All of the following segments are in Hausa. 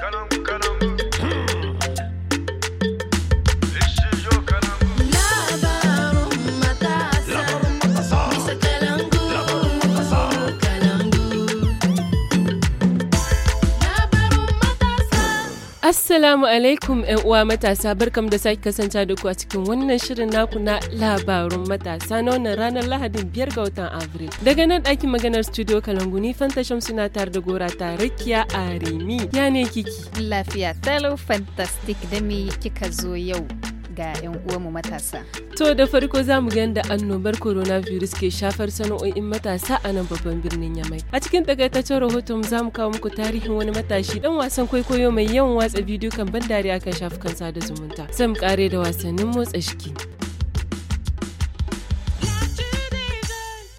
cut caramba. Assalamu alaikum ‘yan uwa matasa barkam da sake kasance da ku a cikin wannan shirin naku na labarun matasa na wannan ranar Lahadin biyar ga watan Afril. Daga nan ɗakin maganar studio Kalangu ni Fanta Shamsu na tare da gora ta Rakiya Arimi. Ya ne kiki? Lafiya talo fantastic da me kika zo yau? ga 'yan uwanmu matasa. To da farko za mu yadda annobar coronavirus ke shafar sana'o'in matasa a nan babban birnin Yamai. A cikin takaitaccen rahoton za mu kawo muku tarihin wani matashi dan wasan kwaikwayo mai yawan watsa bidiyo kan ban dariya kan shafukan sada zumunta. Zan kare da wasannin motsa jiki.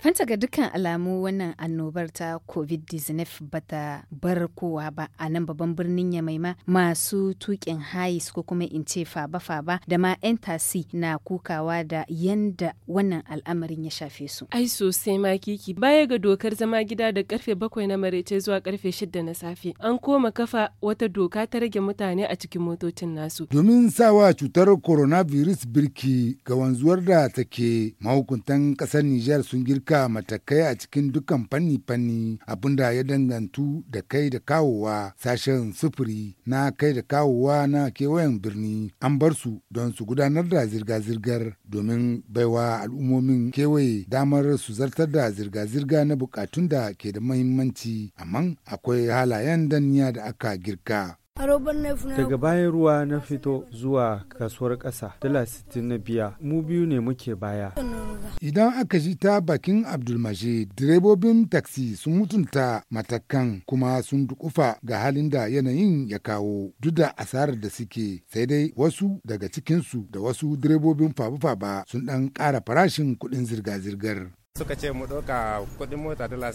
Hanta ga dukkan alamu wannan annobar ta COVID-19 ta bar kowa ba a nan babban birnin Yamaima masu tukin hayis ko kuma in ce faba-faba da ma 'yan tasi na kukawa da yanda wannan al'amarin ya shafe su. Ai sosai ma kiki baya ga dokar zama gida da karfe bakwai na maraice zuwa karfe shida na safe an koma kafa wata doka ta rage mutane a cikin motocin nasu. Domin sawa cutar coronavirus birki ga wanzuwar da take mahukuntan ƙasar Nijar sun girka ɗauka matakai a cikin dukkan fanni-fanni abinda ya dangantu da kai da kawowa sashen sufuri na kai da kawowa na kewayen birni an bar su don su gudanar da zirga-zirgar domin baiwa al'ummomin kewaye damar su zartar da zirga-zirga na bukatun da ke da mahimmanci amma akwai halayen danniya da aka girka. Daga bayan ruwa na fito zuwa kasuwar ƙasa, dala 60 na biya, mu biyu ne muke baya. Idan aka ji ta bakin Abdulmaje, direbobin taksi sun mutunta matakan kuma sun dukufa ga halin da yanayin ya kawo duk da asarar da suke sai dai wasu daga cikinsu da wasu direbobin faba-faba sun ɗan ƙara farashin kuɗin zirga-zirgar. Suka ce mu ɗauka kuɗin mota dala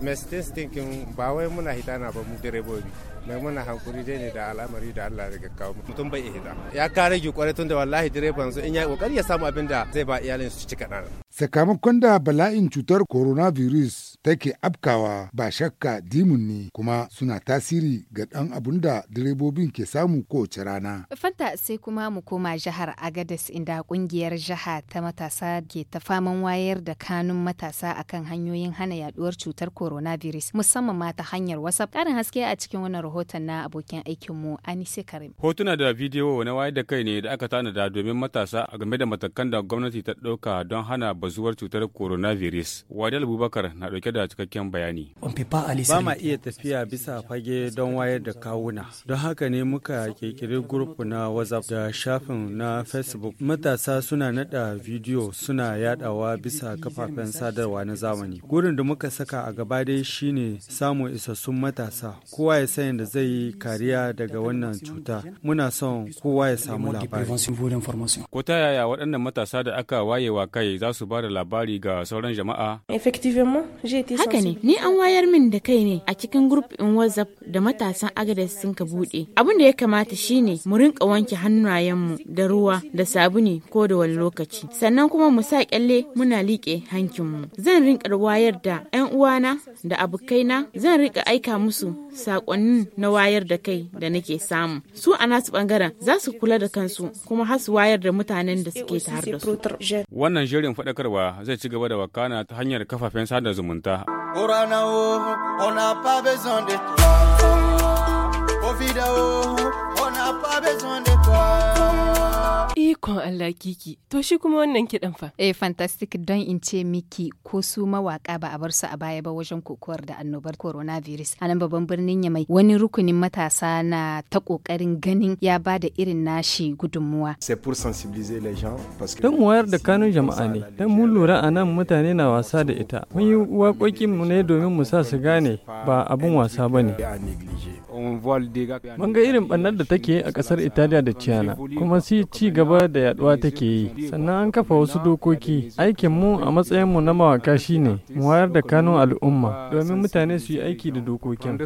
mestis dinkin ba wai muna na ba mu direbobi mai muna hankuri dai ne da al'amari da Allah daga kawo mutum bai hita ya kare ki kwarai tun da wallahi direban su in ya kokari ya samu abin da zai ba iyalin su ci kaɗan Sakamakon da bala'in cutar coronavirus take afkawa ba shakka dimun ne kuma suna tasiri ga ɗan abun da direbobin ke samu kowace rana. Fanta sai kuma mu koma jihar Agadez inda kungiyar jiha ta matasa ke ta faman wayar da kanun matasa akan hanyoyin hana yaduwar cutar coronavirus musamman ma ta hanyar WhatsApp. Ƙarin haske a cikin wannan rahoton na abokin aikinmu Anise Karim. Hotuna da bidiyo na wayar da kai ne da aka tanada domin matasa a game da matakan da gwamnati ta ɗauka don hana bazuwar cutar coronavirus. Wadal Abubakar na dauke da cikakken bayani. Ba ma iya tafiya bisa fage don wayar da kawuna. Don haka ne muka kirkiri gurfu na WhatsApp da shafin na Facebook. Matasa suna nada bidiyo suna yadawa bisa kafafen sadarwa na zamani. Gurin da muka saka a gaba dai shine samun isassun matasa. Kowa ya san da zai yi kariya daga wannan cuta. Muna son kowa ya samu labari. Ko ta yaya waɗannan matasa da aka wayewa kai za su ba ba da labari ga sauran jama'a? Haka ne, ni an wayar min da kai ne a cikin gurup in WhatsApp da matasan Agadez sun ka buɗe. Abin da ya kamata shine mu rinka wanke hannayenmu da ruwa da sabuni ko da wani lokaci. Sannan kuma mu sa kyalle muna liƙe hankinmu. Zan rinka wayar da 'yan uwana da abokaina zan rika aika musu sakonnin na wayar da kai da nake samu su a nasu bangaren za su kula da kansu kuma har su wayar da mutanen da suke tare da su wannan shirin faɗakarwa zai ci gaba da wakana ta hanyar kafafen sada zumunta Covid pas besoin de toi. Ikon Allah kiki, to shi kuma wannan kiɗan fa. Eh fantastic don in ce miki ko su mawaka ba a bar su a baya ba wajen kokowar da annobar coronavirus. A nan babban birnin mai wani rukunin matasa na ta kokarin ganin ya ba da irin nashi gudunmuwa. C'est pour sensibiliser les gens Don wayar da kanun jama'a ne, don mun lura a nan mutane na wasa da ita. Mun yi waƙoƙin mu ne domin mu sa su gane ba abun wasa bane. Mun ga irin bannar da take a ƙasar Italiya da china kuma sai ci gaba gaba da yaduwa take yi sannan an kafa wasu dokoki aikin mu a matsayin mu na mawaka shine mu wayar da kanun al'umma domin mutane su yi aiki da dokokin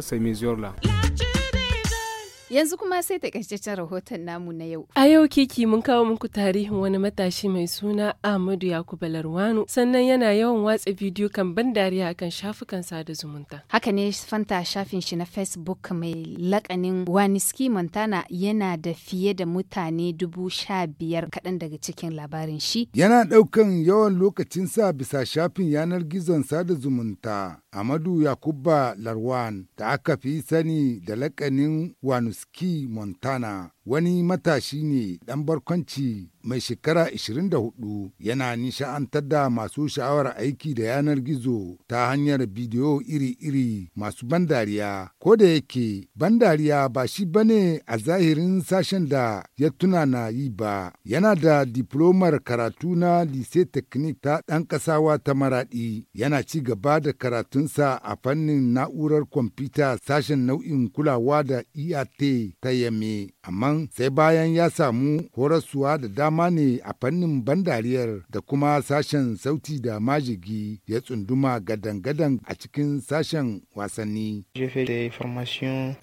Yanzu kuma sai takaitaccen rahoton namu na yau. A yau kiki mun kawo muku tarihin wani matashi mai suna Ahmadu Yakubu Larwanu sannan yana yawan watsa bidiyo kan ban dariya kan shafukan sada zumunta. Haka ne fanta shafin shi na Facebook mai lakanin Waniski Montana yana da fiye da mutane dubu sha biyar kaɗan daga cikin labarin shi. Yana ɗaukan yawan lokacin sa bisa shafin yanar gizon sada zumunta. Amadu Yakuba Larwan da aka fi sani da lakanin Wanuski Montana. wani matashi ne ɗan barkwanci mai shekara 24 yana nisha'antar da masu sha'awar aiki da yanar gizo ta hanyar bidiyo iri-iri masu bandariya. Ko da yake dariya ba shi bane a zahirin sashen da ya tuna na yi ba, yana da diplomar karatu na Lise Technique ta ɗan ƙasawa ta Maraɗi, yana ci gaba da karatunsa a fannin na'urar kwamfuta sashen nau'in kulawa da IAT e ta Yame. amma sai bayan ya samu horaswa da dama ne a fannin bandariyar da kuma sashen sauti da majigi ya tsunduma gadan-gadan a cikin sashen wasanni.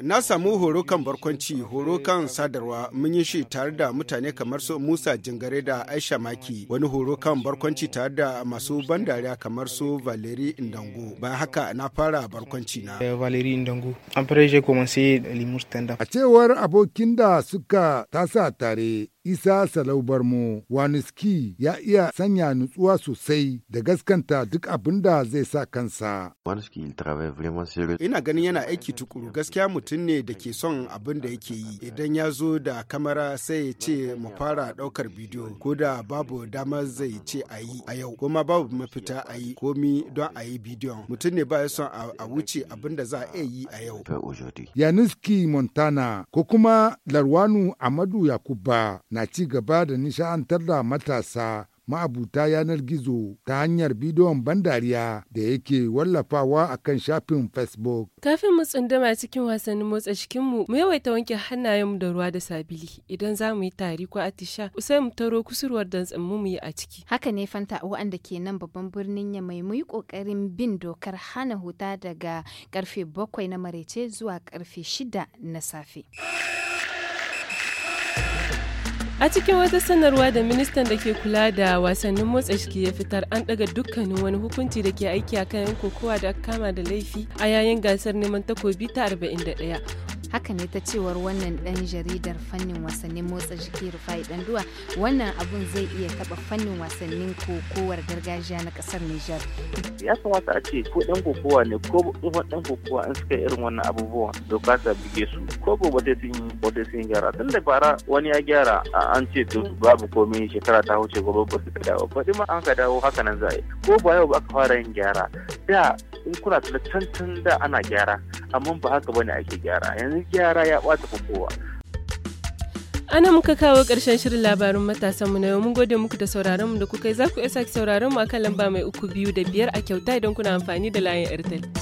Na samu horo kan barkwanci, horo kan sadarwa mun yi shi tare da mutane kamar su Musa Jingare da Aisha Maki, wani horo kan barkwanci tare da masu bandariya kamar su Valeri Ndango. Bayan haka na fara barkwanci na. A cewar abokin da Inda suka tasa tare Isa Salau Barmo Waniski ya iya sanya nutsuwa sosai da gaskanta duk abin da zai sa kansa. Ina ganin yana aiki tukuru gaskiya mutum ne da ke son abin da yake yi idan ya zo da kamara sai ya ce mu fara ɗaukar bidiyo ko da babu damar zai ce a yi a yau kuma babu mafita a yi komi don a yi bidiyon mutum ne ba ya son a wuce abin da za a yi a yau. Yaniski Montana ko kuma Larwanu Amadu Yakuba na ci gaba da nisha'antar da matasa ma'abuta yanar gizo ta hanyar bidiyon bandariya da yake wallafawa a kan shafin facebook kafin mu tsundama cikin wasannin motsa jikinmu mu yawaita wanke hannayenmu da ruwa da sabili idan za mu yi tari ko atisha sai mu taro kusurwar dantsin mu yi a ciki haka ne fanta wa'anda ke nan babban birnin ya mai muyi kokarin bin dokar hana huta daga karfe bakwai na maraice zuwa karfe shida na safe A cikin wata sanarwa da ministan da ke kula da wasannin motsa jiki ya fitar an daga dukkanin wani hukunci da ke aiki a kan kokowa da kama da laifi a yayin gasar neman takobi ta 41 haka ne ta cewar wannan dan jaridar fannin wasannin motsa jiki rufai danduwa wannan abun zai iya taba fannin wasannin kokowar gargajiya na kasar nijar ya kamata a ce ko dan kokowa ne ko ɗan dan kokowa an suka irin wannan abubuwa doka ta bige su ko ko ta sun ba sun gyara tun da bara wani ya gyara an ce to babu komai shekara ta wuce gobe ba ta dawo ba ma an ka dawo haka nan za ko ba yau ba aka fara yin gyara da in kuna da tun da ana gyara amma ba haka bane ake gyara yanzu hannun gyara ya ɓata kowa. Ana muka kawo ƙarshen shirin labarin matasanmu na yau mun gode muku da mu da kuka yi za ku iya sake sauraron mu akan lamba mai uku biyu da biyar a kyauta idan kuna amfani da layin Airtel.